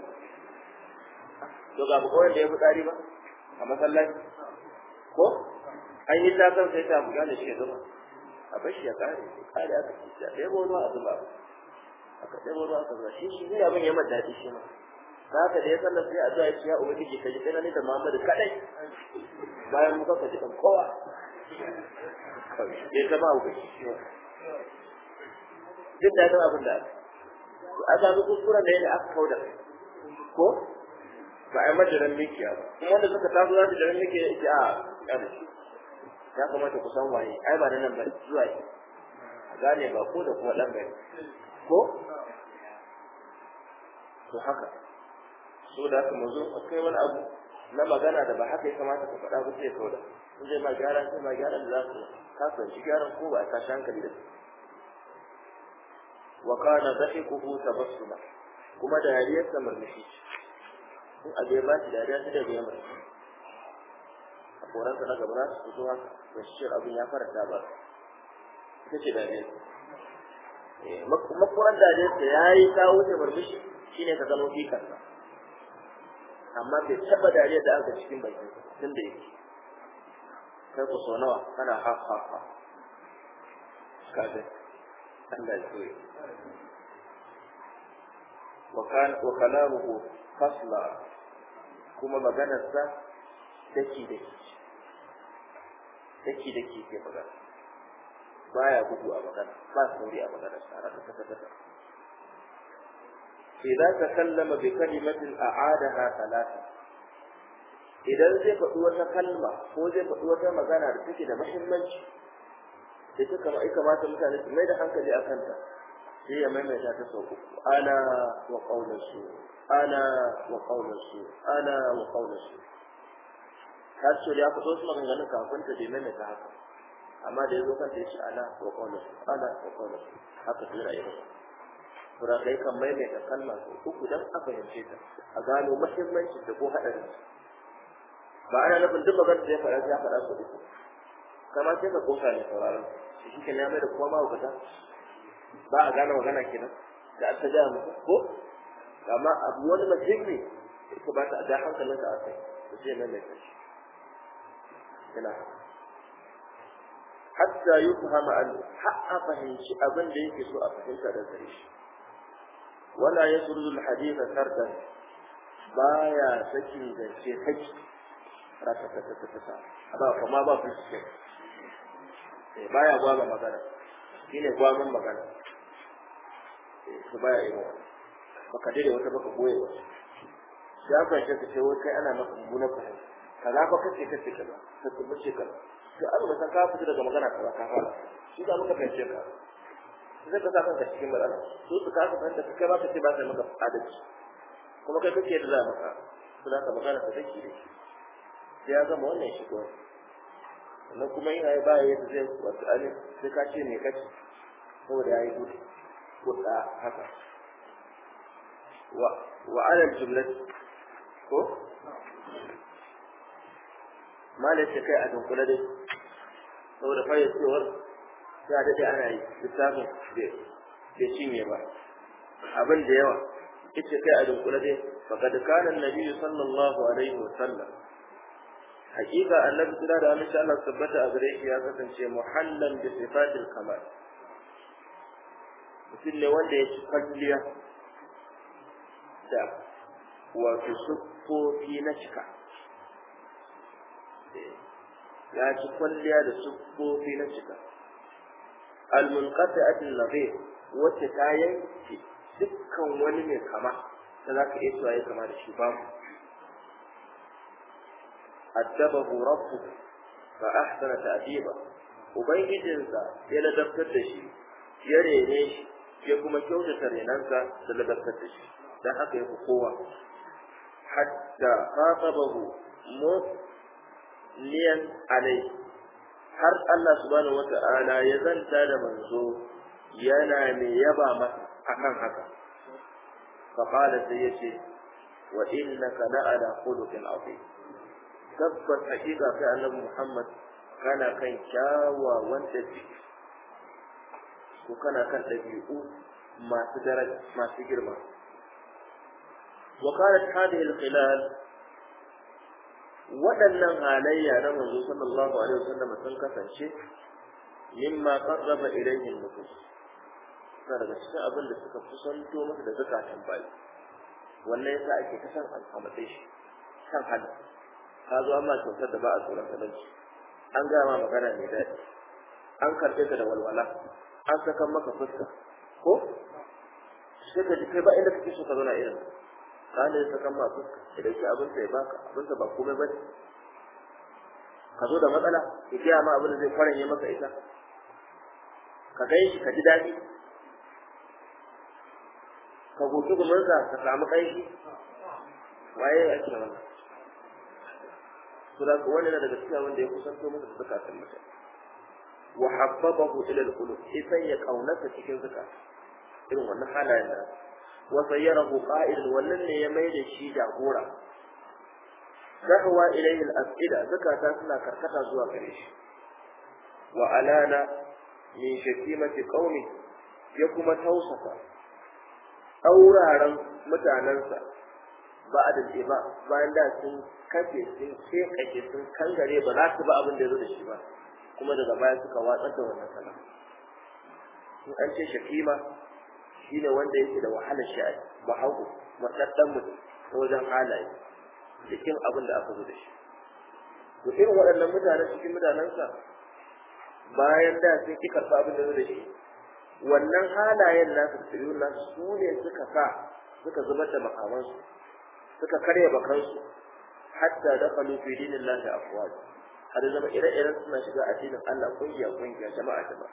to ga bukawar da ya fi tsari ba a masallaci ko an yi lasan sai ta buga da shi ya zama a bar shi ya kare kare aka ci da ɗaya ruwa a zuba aka ɗaya ruwa aka zuba shi shi ne abin ya mata daɗi shi ma da haka da ya sallar sai a zuwa shi ya ubangiji ji sai na ne da muhammadu kaɗai bayan muka ka ji kowa ya zama ubangiji duk da ya zama abin da aka azabi a zaɓi da yadda aka kawo da kai. ko ba a yi mata mikiya ba kuma wanda suka tafi za su daren ya ce ah, a ƙyale ya kamata ku san waye ai ba da nan ba zuwa yi a gane ba ko da kuma ɗan bai ko to haka so da aka mu zo kai wani abu na magana da ba haka ya kamata ka faɗa ba sai ya da in zai ma gyara sai ma gyara da za su kasance gyaran ko ba a tashi hankali da su wa kana dhahikuhu tabassuma kuma dariyar murmushi in abe ba shi dariya sai da ya murmushi a koran sa na gaba za su fito haka da shi abin ya faranta ba ita ce dariyar eh, makoran dariyar sa yayi ta murmushi shine ka zama amma bai taba dariyar da aka cikin bakin sa tun da yake kai ku so nawa kana ha ha Allah ya soye wa kalamuhu fasla kuma maganarsa daki daki daki daki ke magana baya gudu a magana ba sauri a maganarsa, magana tsara ta kallama إذا تكلم a أعادها ثلاثة idan zai faɗi wata kalma ko zai faɗi wata magana da take da muhimmanci sai ta kama ya kamata mutane su mai da hankali a kanta sai ya maimaita ta sau uku ana wa ƙaunar su ana wa ƙaunar su ana wa ƙaunar su ta ce ya fito su maganganun kafin ta bai maimaita haka amma da ya zo kanta ya ce ana wa ƙaunar su ana wa ƙaunar su haka su rayuwa kura kai kan maimaita kalma sau uku don a fahimce ta a gano muhimmancin da ko haɗarin ba ana nufin duk maganar da ya faɗa ya faɗa su uku kamar sai ka kosa ne sauraron shi ke ya mai da kuma mahaukata ba a gane magana kenan da an ta gaya muku ko amma abu wani masjid ne da ita ba ta da hankalin ka a kai da sai mai mai shi, yana hatta yi fahama an ha'a fahimci abin da yake so a fahimta da gare shi wala ya suru sarda ba ya sakin zance haki rasa ta ta ta ta ba kuma ba fuske Eh, baya gwaba magana shi ne gwaban magana su eh, baya yi wa baka dire wata baka goye wa ya ka ce ka ce wai kai ana maka mummunar fahimta za ka kace kace kaza ka tabbace ka to an ba san ka fita daga magana kaza ka fara shi da muka fahimce ka sai ka sa kanka cikin matsala su su kasa fahimta ka kai ba ka ce ba kai maka adalci kuma kai kake da za maka suna ka magana ka dake da shi sai ya zama wannan shi kawai sannan kuma yin ayi ba yadda zai wasu alin sai ka ce mai kaci saboda ya yi gudu kuɗa haka wa alal jumlat ko malam ta kai a dunkule dai saboda fayar cewar ya daɗe ana yi lissafin bai cinye ba abin da yawa ita kai a dunkule dai na biyu sannan sallallahu alaihi wa sallam hakika annabi kira da amince Allah tabbata a gare shi ya kasance muhallan bi sifatil kamal mutum ne wanda ya ci kwalliya da wato siffofi na cika eh, ya ci kwalliya da siffofi na cika al-munqati'atul wacce ta yanke dukkan wani mai kama da za ka iya cewa ya kama da shi babu أدبه ربه فأحسن تأديبه وبينجن إلى دفتش يري ليش يقوم كوجة لننسى إلى دفتش لحقه قوة حتى خاطبه مثليا عليه حر الله سبحانه وتعالى يزن تال منزور ينام يبام أحن حقا فقال سيشي وإنك لعلى خلق عظيم tabbas hakika kai annabi Muhammad kana kan kyawawan dabi'u ko kana kan dabi'u masu daraja masu girma wa ta hadhihi al-khilal waɗannan halayya na manzo sallallahu alaihi wasallam sun kasance mimma qarraba ilayhi an-nufus daga cikin abin da suka kusanto masa da zakatan bayi wannan yasa ake kasan alhamadai shi kan hadisi ka zo amma kyautar da ba a tsoron talauci an gaya ma magana mai daɗi an karɓe ka da walwala an sakan maka fuska ko sai ka ji kai ba inda kake so ka zauna irin ka ne sakan ma fuska idan shi abin ya baka abin ba komai ba ka zo da matsala ya gaya ma abin da zai kwaranye maka ita ka gai shi ka ji daɗi ka goci gumansa ka samu ƙaishi waye ya ake wannan to da wani yana daga cikin wanda ya kusanto masa da zakatun mutum wa habbabahu ila al-qulub sai ya kaunata cikin zakat irin wannan halayen da wa sayyarahu qa'idan wannan ne ya mai da shi jagora da'wa ilayhi al-as'ila zakata suna karkata zuwa gare shi wa alana min shatimati qaumi ya kuma tausasa auraran mutanansa ba adalci ba bayan da sun kafe sun shekake sun kangare ba za su ba abin da ya zo da shi ba kuma daga baya suka watsar da wannan sana in an ce shakima shine wanda yake da wahalar sha'i ba hagu matsattan mutum ta wajen halaye cikin abin da aka zo da shi to irin waɗannan mutanen cikin mutanensa bayan da sun ki karɓi abin da zo da shi wannan halayen nasu tsiriyun nasu su ne suka sa suka zubar da makamansu suka karya bakansu hatta dakhalu fi dinillahi afwaj har zama ire-iren suna shiga addinin Allah kungiya kungiya jama'a jama'a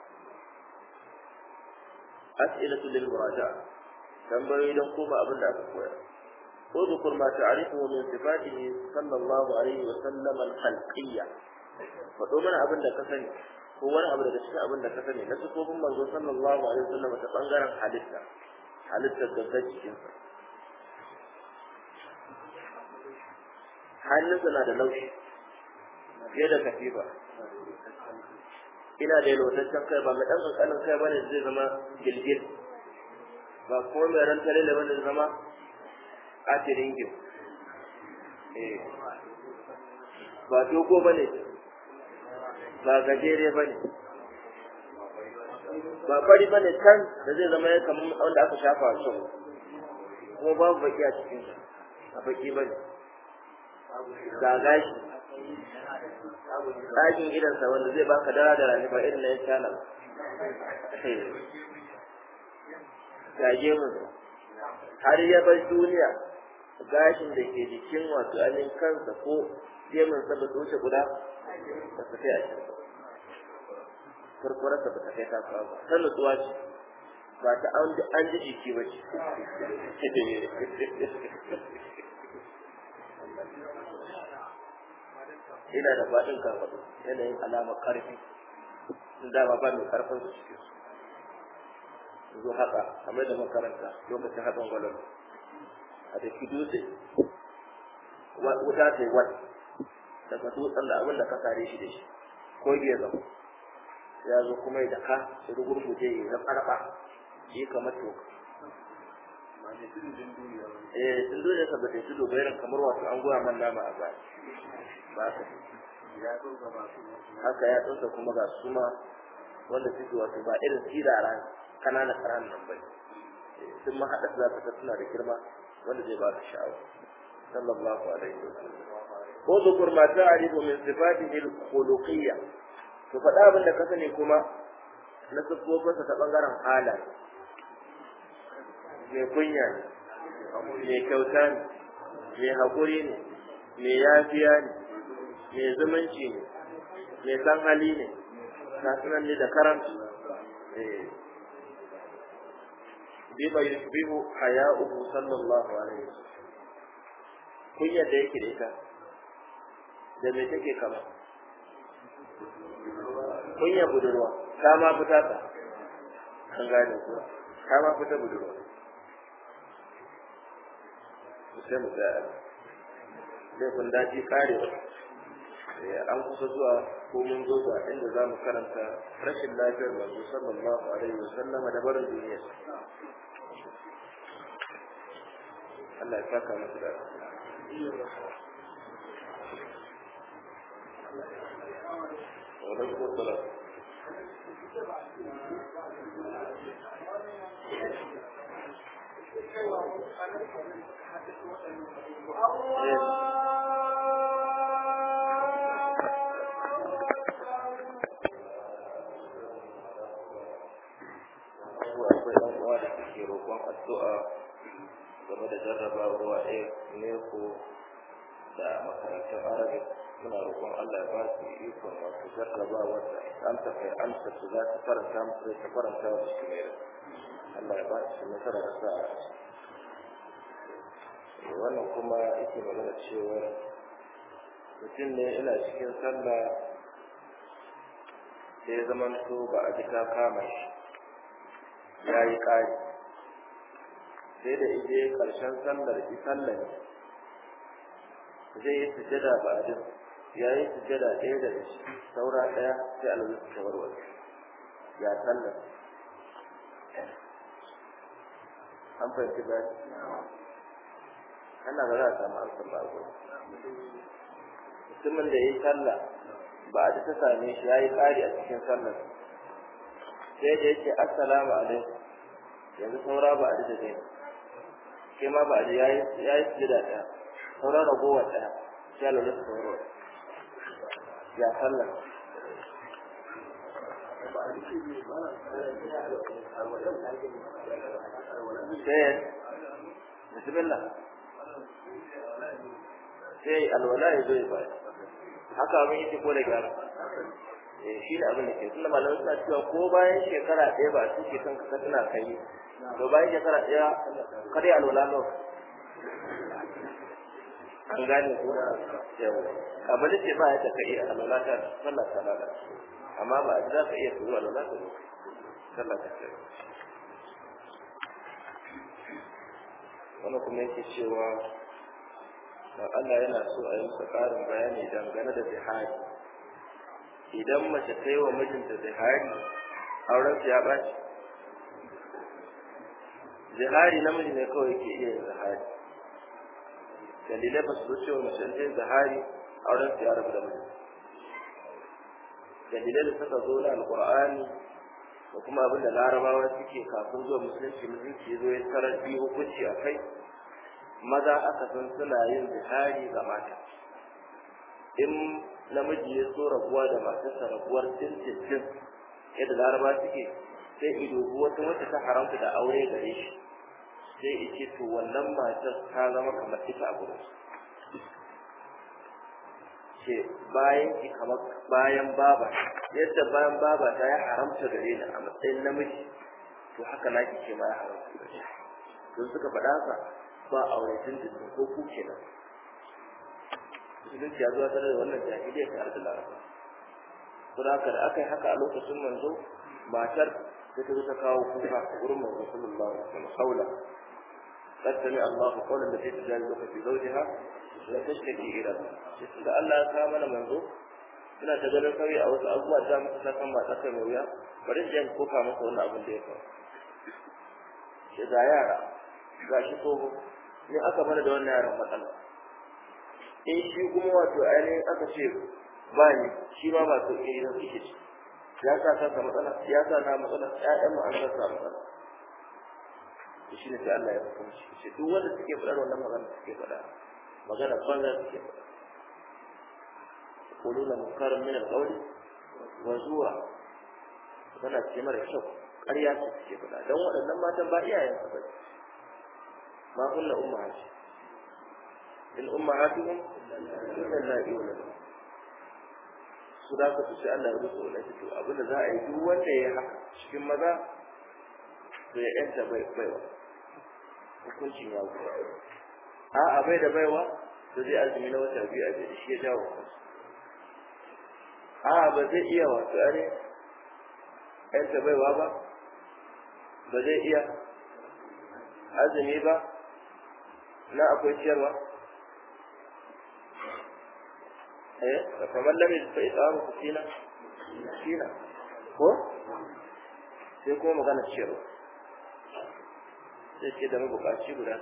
as'ilatu lil muraja tambayoyi don koma abin da aka koya ko zukur ma ta'rifu min sifatihi sallallahu alaihi wa sallam al khalqiyya fado mana abin da ka sani ko wani abu daga cikin abin da ka sani na sifofin manzo sallallahu alaihi wa sallam ta bangaren halitta halittar da jikinsa hannunsa na da laushi fiye da ba ina da lotaccen kai ba mai ɗan ƙanƙanin kai ne zai zama gilgil ba kuma mai ran talele bane zama atirin gil eh. ba dogo bane ba gajere bane ba fari bane can da zai zama kamar wanda aka shafa a kuma babu baki a cikin a baki bane ga gashi ɗakin gidansa wanda zai baka dara da rani ba irin na yan cana ba ga har ya bar duniya gashin da ke jikin wato anin kansa ko gemunsa ba su wuce guda ba su kai a shirka kurkurarsa ba ta kai kasuwa ba ta nutsuwa ce ba ta an ji jiki ba ce yana da faɗin karfado yanayin alamar ƙarfi in da ba mai karfin su cikin su zo haka mai da makaranta lokacin haɗin gwalon a da ki dutse wuta ta yi wani daga dutsen da abin da ka sare shi da shi ko ya zama ya zo kuma ya daka ya rugurguje ya na ƙarfa yi kamar toka eh sun dole saboda bata dogayen kamar wasu an goya man nama a baya ba ka haka ya ɗauka kuma ga suma wanda suke wato ba irin tsirara kananan ƙaran nan bai sun mahaɗa za ta suna da girma wanda zai ba su sha'awa sallallahu alaihi wa sallam ko zukur ma alibu min sifati al-khuluqiyya to faɗa abin da ka sani kuma na sa ta ɓangaren hala mai kunya ne mai kyauta ne mai haƙuri ne mai yafiya ne mai zumunci ne mai san hali ne kasuwan ne da karanci eh. bima haya uku sallallahu alaihi wasallam kun da yake da ita da me take kama ya budurwa ta ma fita ta an gane ku ta ma fita budurwa sai mu ga laifin daji karewa Eh, an kusa zuwa ko mun zo ga inda za mu karanta rashin lafiyar manzo sallallahu alaihi wa sallama da barin duniya Allah ya saka da ke roƙon addu'a game da jarrabawa a neko da makarantar arabic suna roƙon allah ya ba su ikon wasu jarrabawa da an kai an tafi za ta faranta musu ta faranta wa su ne allah ya ba su nasara da sa wannan kuma ake magana cewa mutum ne ina cikin sallah sai ya zama ba a ji kama shi ya yi ƙari sai da ije karshen sallar isallar zai yi sujada ba din ya yi sujada ɗaya da shi saura ɗaya sai alwala ta warware ya sallar an fahimci ba ana ba za a samu amsar ba ko mutumin da ya yi sallah ba a ta same shi ya yi ƙari a cikin sallar sai da yake assalamu alaikum yanzu saura ba a da ni. Sai ma ba da ya yi sujada ɗaya sauran ragowar ɗaya ya lura da sauran ya sallah sai bismillah sai alwala ya zo ya bayar haka abin yake ko da gyara eh, shi da abin da ke tunda malamai suna cewa ko bayan shekara ɗaya ba su ke kan kasa suna kai to bayan shekara ɗaya kada ya lola nau an gane ko yawa amma da ce ba ya taka iya alwala ta sallah ta lada amma ba za ka iya tsoron alwala ta sallah ta ce wani kuma yake cewa Allah yana so a yi masa ƙarin bayani dangane da zihari idan mace ta yi wa mijinta zihari auren ya ɓaci zihari namiji ne kawai ke iya yin zahari dalilai ba su zo wa mace ta zihari a wurin siyar da miji dalilai da suka zo na alkur'ani da kuma abin da larabawa suke kafin zuwa musulunci musulunci zo ya tarar biyu hukunci a kai maza aka san suna yin zihari ga mata in namiji ya so rabuwa da matarsa rabuwar cincin yadda laraba suke sai ido wata wata ta haramta da aure gare shi sai ce to wannan matar ta zama kamar ita a gurin ke bayan ki kamar bayan baba yadda bayan baba ta ya haramta gare ni a matsayin namiji to haka na ki ce ma ya haramta gare ni don suka faɗa ka ba aure dindindin ko kuke nan. musulunci ya zuwa tare da wannan jahiliyar tare da laraba kuma haka da aka yi haka a lokacin manzo matar ta ta kawo kuka wurin manzo sallallahu alaihi wasallam haula قد سمع الله قولا التي تجادلك في زوجها لا تشتكي الى الله الله ya kawo mana manzo ina ta ganin sauyi a wasu abubuwa da muka san kan matsa kai mai wuya bari jiyan koka masa abin da ya aka mana da wannan yaran matsala in shi kuma wato ainihin aka ce ba ni shi ma ba su iri na suke ci ya sa kansa matsala ya sa na matsala ya'yan mu an sa matsala to shine sai Allah ya hukunci shi duk wanda suke faɗar wannan magana suke faɗa magana banza suke faɗa yaquluna munkaran min al-qawl wa zuwa kana ce mara kyau ƙarya ce suke faɗa dan waɗannan matan ba iyayen su bace ma kullu ummahati in ummahatuhum illa allahi wa su da ka sai Allah ya rufe wannan to abinda za a yi duk wanda ya yi haka cikin maza to ya yanta bai wa hukuncin ya wuce a'a bai da baiwa to zai azumi na wata biyu a jere shi ya jawo a'a ba zai iya wasu are yanta baiwa ba ba zai iya azumi ba na akwai ciyarwa eh kamar lamin fa itsaru kusina kina ko sai kuma magana ciyarwa sai ke da mabukaci guda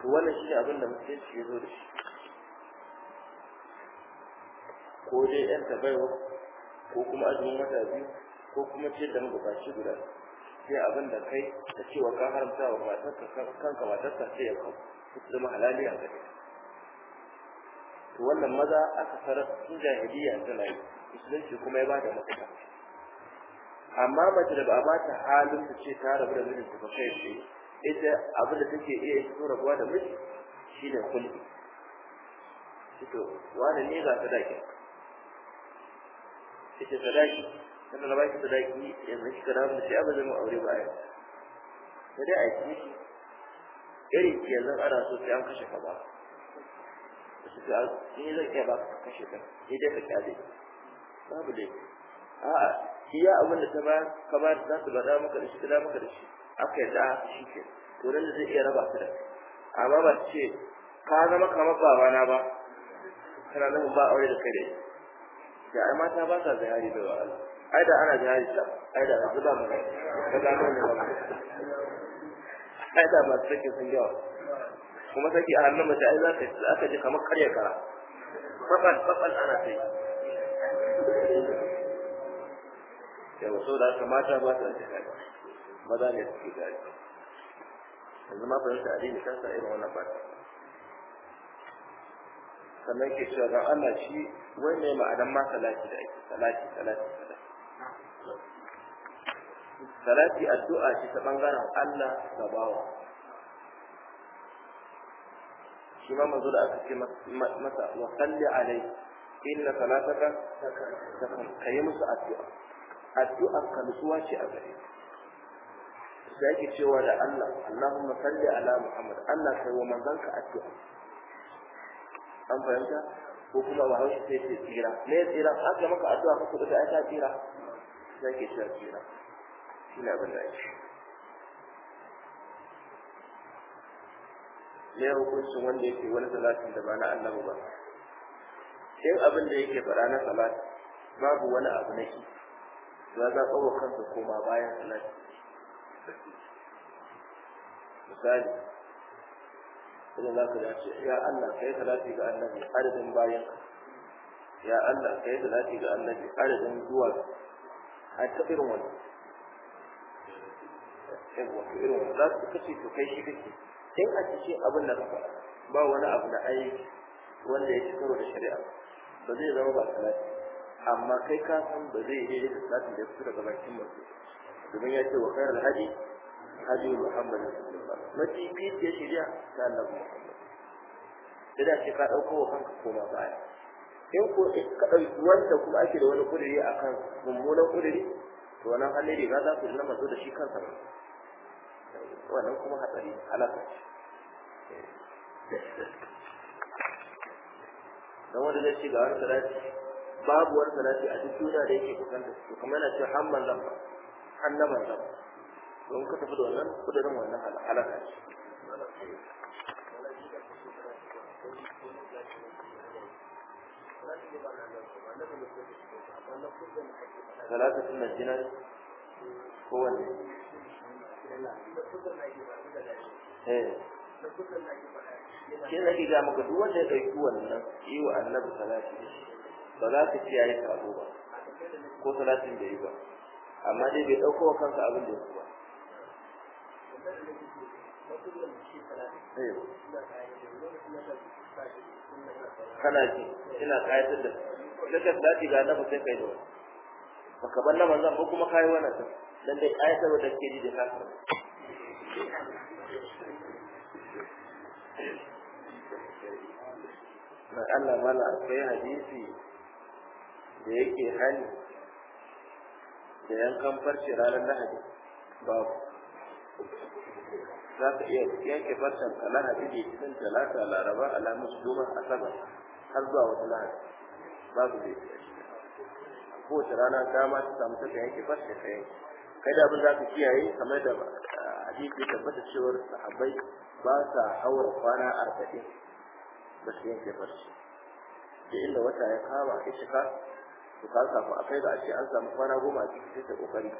to wannan shi ne abin da musulunci ya zo da shi ko dai yan tabaiwa ko kuma azumin wata biyu ko kuma ce da mabukaci guda sai abin da kai ta wa ka haramta wa matarka kanka matarka sai ya kawo su zama halali a gare to wannan maza a kasar jahiliya tana yi musulunci kuma ya ba da mafita amma mace da ba ba ta halin ta ce ta rabu da mijinta ba kai ce ita abin da take iya yi ta rabuwa da miji shine kulli to wani ne ga sadaki ita sadaki tana da baki dake ya kika rabu da shi abin da mu aure ba yau sai dai a shi irin ki yanzu ana so sai an kashe ka ba shi ga ni zan ke ba kashe ka ni dai ka kade babu dai a'a iya abin da ta ba ka ba za su gada maka da shi gada maka da shi aka yadda shi ke to nan zai iya raba su da amma ba ce ka zama kamar babana ba kana nan ba aure da kai da da ai mata ba sa zahari da wa'ala ai da ana zahari ta ai da yanzu ba mu da gano ne ba ai da ba ta ke sun yawa kuma sai a hannun mace ai za ka ji kamar karya kara babal babal ana sai yawa so da haka mata ba su da gadi maza ne suke gadi yanzu ma fahimta addini kan sa irin wannan fata sannan ke cewa don Allah shi wai mai ma'anan ma salati da ake salati salati salati addu'a shi ta bangaren Allah ga bawa shi ma manzo da aka ce masa wa salli alai inna salataka ta kai musu addu'a addu'a ka nutsuwa ce a gare sai ki cewa da Allah Allahumma salli ala Muhammad Allah kai wa manzanka addu'a an fahimta ko kuma ba hausa sai ce tsira me tsira aka maka addu'a ka kuɗa ai ta tsira sai ki cewa tsira ina ban da shi. ne hukuncin wanda yake wani salatin da ba na annabi ba in abin da yake fara na salat babu wani abu na shi هذا هو كنت كما باين لك مثال قل الله كذا يا الله كيف لا تيجا النبي أرد باين يا الله كيف لا تيجا النبي أرد دوار هل تقرون هو كيرون لا تكشي تكشي كشي كيف أتشي أبو النبي باونا أبو نعيش وانا يشكروا الشريعة فذي ذنبا ثلاثة amma kai ka san ba zai yi da tsatsi da su daga bakin mutum domin ya ce wa khairul alhaji hadi muhammad mafi biyu ya shirya ta annabi muhammad da da ce ka dauko wa kanka koma baya in ko ka dauki wanda kuma ake da wani kudiri akan mummunan kudiri to wannan hali riga za ku zama mazo da shi kansa wannan kuma hatsari halaka ce eh. dan wanda zai ci ga wani sarari. babu wani a duk duniya da yake da su kuma yana cewa hamman lamba annaman lamba don ka tafi da wannan kudurin wannan halaka ce ثلاثة من الجنان هو اللي shi nake ga maka duk wanda ya ɗauki wannan yi wa annabi salati da shi ba za ka yi sabo ba ko talatin da yi ba amma dai bai ɗauko wa kansa abin da yake ba kana ji ina kayatar da duka salati ga annabi sai kai da baka balla manzon ko kuma kai wannan sai dan dai kayatar da ke ji da kanka na Allah mala akwai hadisi da yake hali da yankan farce ranar lahadi babu za ka iya yanke farcen ka lahadi ne cikin talata laraba alamus juma asabar har zuwa wata lahadi babu zai kowace rana dama ta samu ta yanke farce ka yanke kai da abin za ka kiyaye kamar da ah, hadisi tabbata cewar sahabbai ba sa haura kwana arba'in ba su yanke farce da inda wata ya kama a shiga. to ka samu a kai da ake an samu kwana goma a cikin sai kokari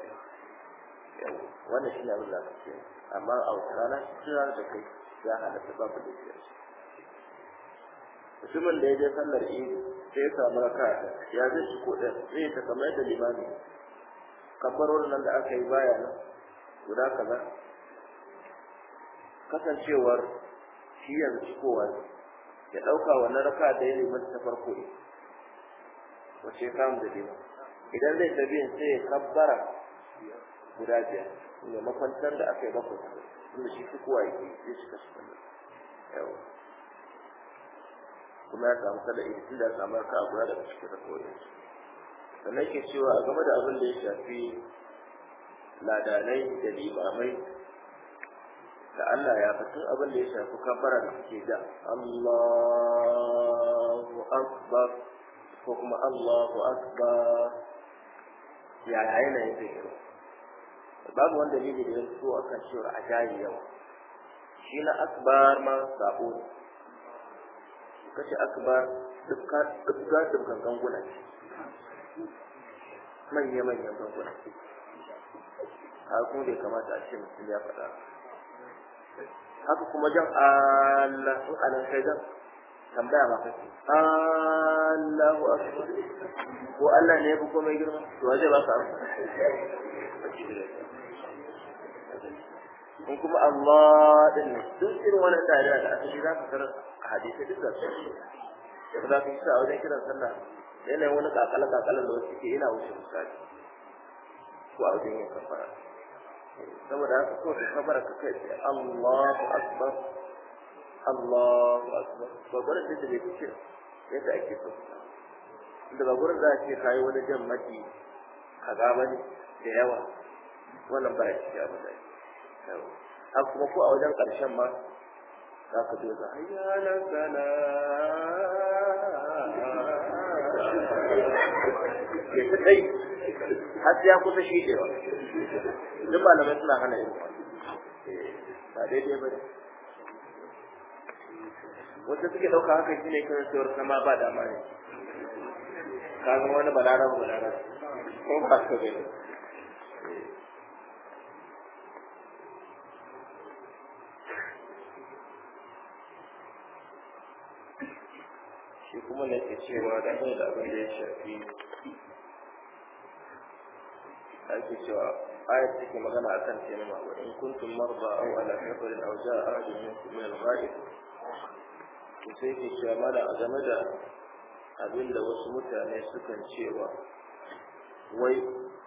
wannan shi ne abin da ce amma a wata rana kira da kai ya halatta babu da shi mutumin da ya je sallar idi sai ya samu raka ya zai shi ko ɗin zai ta kamar da Limani. kafarwar nan da aka yi baya nan guda kaza kasancewar shi yanzu kowa ya ɗauka wannan raka da ya limanta ta farko ne wace ya da liman idan zai tafiya sai ya kabbara guda biyar ne makwantar da aka yi bakwai inda shi kuwa yake ya shiga su kuma yawa kuma ya samu kada tun da ya samu ka guda daga cikin rakoyin sannan ke cewa a game da abin da ya shafi ladanai da limamai da Allah ya fatan abin da ya shafi kabbara da suke da Allahu Akbar ko kuma Allahu akbar ya yanayin zikirin babu wanda dalili da ya so a kan cewa a jayi yau. shi na akbar ma sabo ne kace akbar dukkan dukkan dukkan ganguna ne manya manyan ganguna a kuma bai kamata a ce mutum ya faɗa haka kuma jan Allah in anan jan tambaya ma kake Allahu akbar ko Allah ne ya fi komai girma to waje ba ka in kuma Allah din ne duk irin wani tsari da asali za ka tarar a hadisi duk da su da za ka yi sa wajen kiran sallah yanayin wani kakala kakalan da wasu ke yana wuce misali ko a wajen yin kafara saboda haka ko ka kafara ka kai Allahu akbar Allahu akbar ba gurin da take ake so inda ba gurin wani kaza bane da yawa wannan ba shi ya bada a kuma ko a wajen karshen ma za ka doza ayyana sana ta kai har ya kusa shi dewa duk malamai suna hana yin eh, ba daidai ba ne wanda suke ɗauka haka shi ne kan cewar sama ba dama ne ka zama wani balaran balaran ko ba su ne. shi kuma na ke cewa da abin da abin da ya shafi ake cewa ayat take magana akan taimama wa in kuntum marba aw ala safarin aw jaa ajin minkum min al-ghaib sai ke cewa mala a game da abin da wasu mutane sukan cewa wai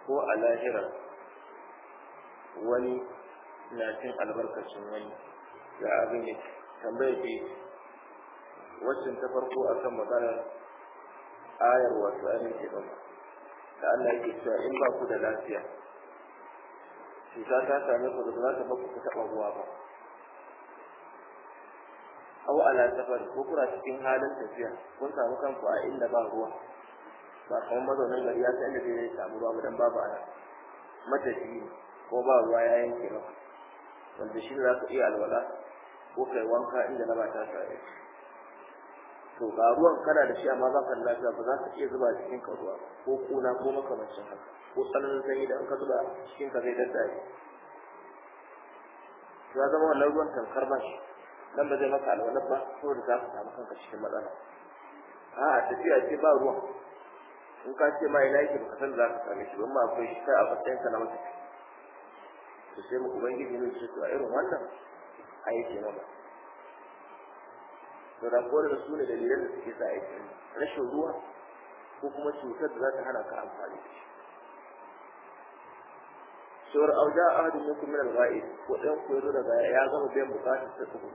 ko a lahira wani na cin albarkacin wani da abin ne tambaya ke wacin ta farko akan maganar ayar wasu ainihin ke da Allah yake cewa in ba ku da lafiya cuta ta same ku da za ta ba ku taɓa ruwa ba aw ala safar ko kura cikin halin tafiya kun samu kanku a inda ba ruwa ba kamar mazaunin gari ya san inda zai samu ruwa dan babu ana matafi ko ba ruwa ya yanke maka wanda shi za ku iya alwala ko kai wanka inda na ba ta tare to ga ruwan kana da shi amma za ka lafiya ba za ka iya zuba cikin ka ruwa ko kuna ko makamancin haka ko tsananin sanyi da an ka zuba cikin ka zai daddaye ya zama wannan ruwan tamkar ba shi dan ba zai maka alwalar ba ko da za ka samu kanka cikin matsala a tafiya ce ba ruwa in ka ce ma ina yake baka san za ka same shi amma akwai shi ta a matsayin ka na mata to sai mu ubangiji ne ce to a irin wannan a yi ke mama to da ko da su ne dalilan da suke sa aiki rashin ruwa ko kuma cutar da za ta hana ka amfani da shi shawar auja ahadin minkum min ba'a ghaib ko dan koyo daga ya zama biyan bukatar ta tsoro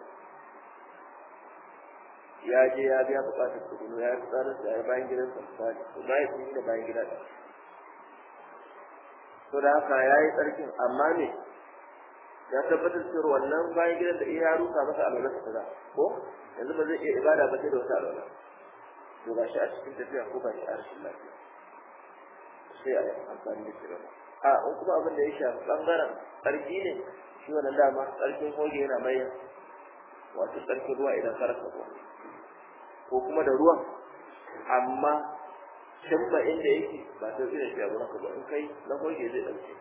ya je ya biya bukatar kudu ya yi tsarin da ya bayan gidan sa misali to ba ya yi da bayan gidan. ɗaya to da haka ya yi tsarkin amma ne ya tabbatar cewa wannan bayan gidan da iya rusa masa alwala ta za ko yanzu ba zai iya ibada ba sai da wata alwala to ga shi a cikin tafiya ko ba shi a rashin lafiya sai a yi amfani da shi a in kuma abin da ya shafi ɓangaren tsarki ne shi wannan dama tsarkin hoge yana bayyana wato tsarkin ruwa idan ka rasa ruwa ko kuma da ruwan amma can ba inda yake ba sai zira shi abin naka ba in kai na koge zai dauke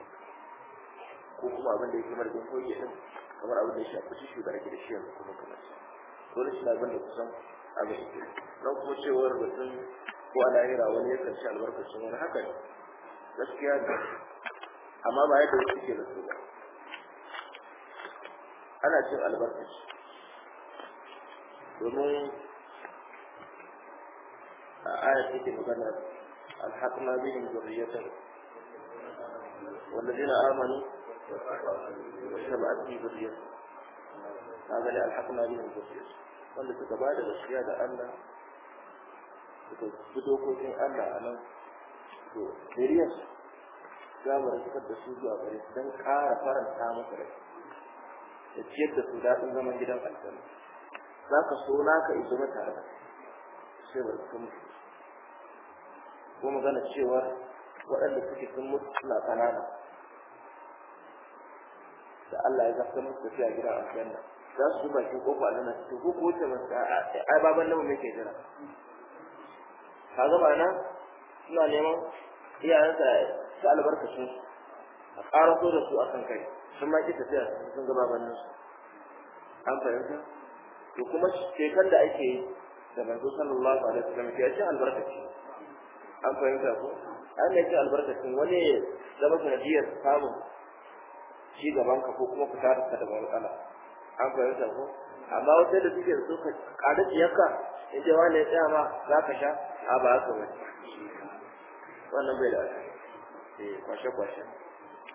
ko kuma abin da yake marjin koge din kamar abin da ya shafi shi da ake da shi yanzu kuma kamar shi dole shi abin da kusan abin yake dan kuma cewar batun ko a lahira wani ya karshe albarkacin wani haka ne gaskiya ne amma ba yadda wasu ke da su ba ana cin albarkaci domin a ayat take magana alhaqna bihim والذين آمنوا واتبعتهم ذريتهم هذا اللي ألحقنا به الذرية wanda suka ba da gaskiya da Allah suka bi dokokin Allah a nan to za mu rikar da su zuwa gare su don ƙara faranta masa rai da ciyar da su daɗin zaman gidan aljanna za ka so na iso na tare da ko magana cewa waɗanda suke sun mutu suna ƙanana da Allah ya zafta musu tafiya gidan aljanna za su yi bakin ko a su cikin ko kowace masu ai baban nawa mai ke jira ka ga ma'ana suna neman iyayensa su albarkacin su a ƙara so da su a kan kai sun ma ki tafiya sun ga baban su an fahimta to kuma shekan da ake yi da manzo sallallahu alaihi wasallam ya ce albarkaci an fahimta ko an ne ce albarkacin wani zama sanadiyar samun ci gaban ka ko kuma fita da daga ala an fahimta ko amma wata da suke so ka kada tiyaka in dai wani ya tsaya ma za ka sha a ba haka ba wannan bai da eh kwashe kwashe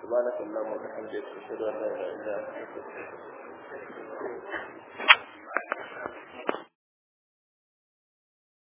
subhanakallahumma wa bihamdika ashhadu an la ilaha illa anta wa